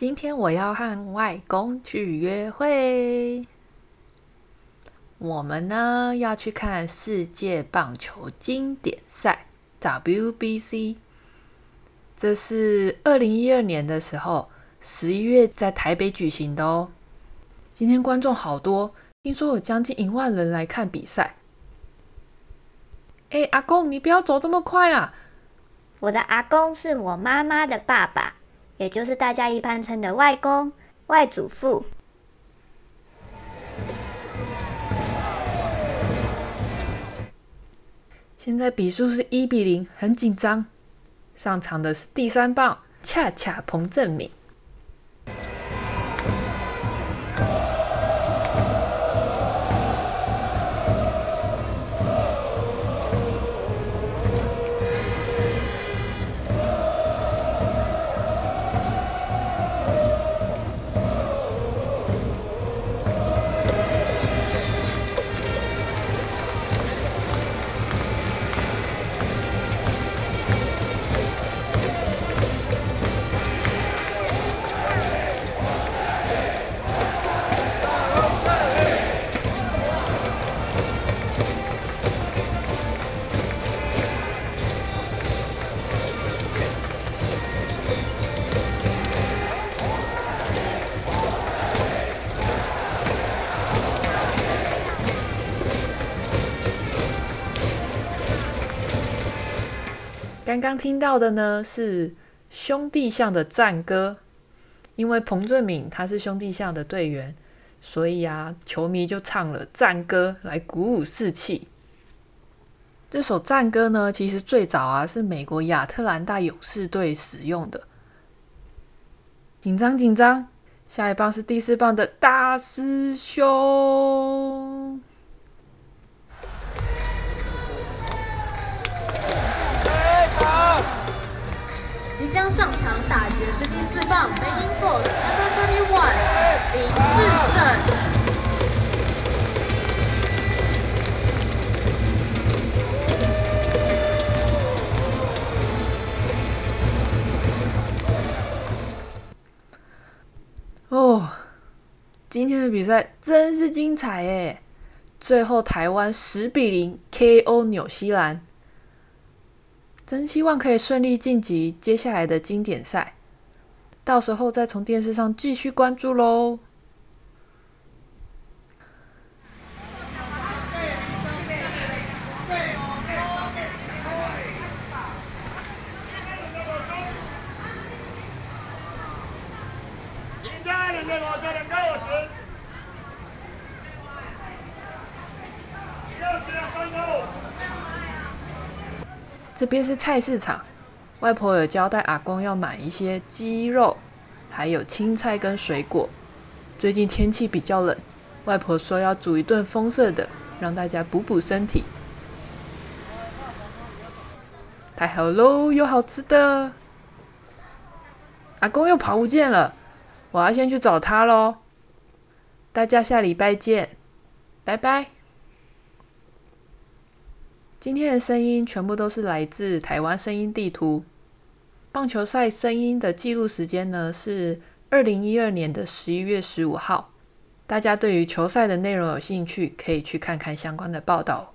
今天我要和外公去約會，我們呢要去看世界棒球經典賽 （WBC）。這是二零一二年的時候，十一月在台北舉行的哦。今天觀眾好多，聽說有將近一萬人來看比賽。哎、欸，阿公，你不要走這麼快啦！我的阿公是我媽媽的爸爸。也就是大家一般稱的外公、外祖父。現在比數是一比零，很緊張。上場的是第三棒，恰恰彭政閔。剛剛聽到的呢，是兄弟象的戰歌，因為彭政閔他是兄弟象的隊員，所以啊，球迷就唱了戰歌來鼓舞士氣。這首戰歌呢，其實最早啊，是美國亞特蘭大勇士隊使用的。緊張緊張，下一棒是第四棒的大師兄。也是第四棒 big info number 31林志勝。哦，哦，今天的比賽真是精彩耶！最後台灣十比零 KO 紐西蘭，真希望可以順利晉級接下來的經典賽。到時候再從電視上繼續關注咯。這邊是菜市場。外婆有交代阿公要買一些雞肉，還有青菜跟水果。最近天氣比較冷，外婆說要煮一頓豐盛的，讓大家補補身體。嗯，太好嘍，有好吃的！阿公又跑不見了，我要先去找他嘍。大家下禮拜見，拜拜。今天的聲音全部都是來自台灣聲音地圖。棒球賽聲音的記錄時間呢，是二零一二年的十一月十五號。大家對於球賽的內容有興趣，可以去看看相關的報道。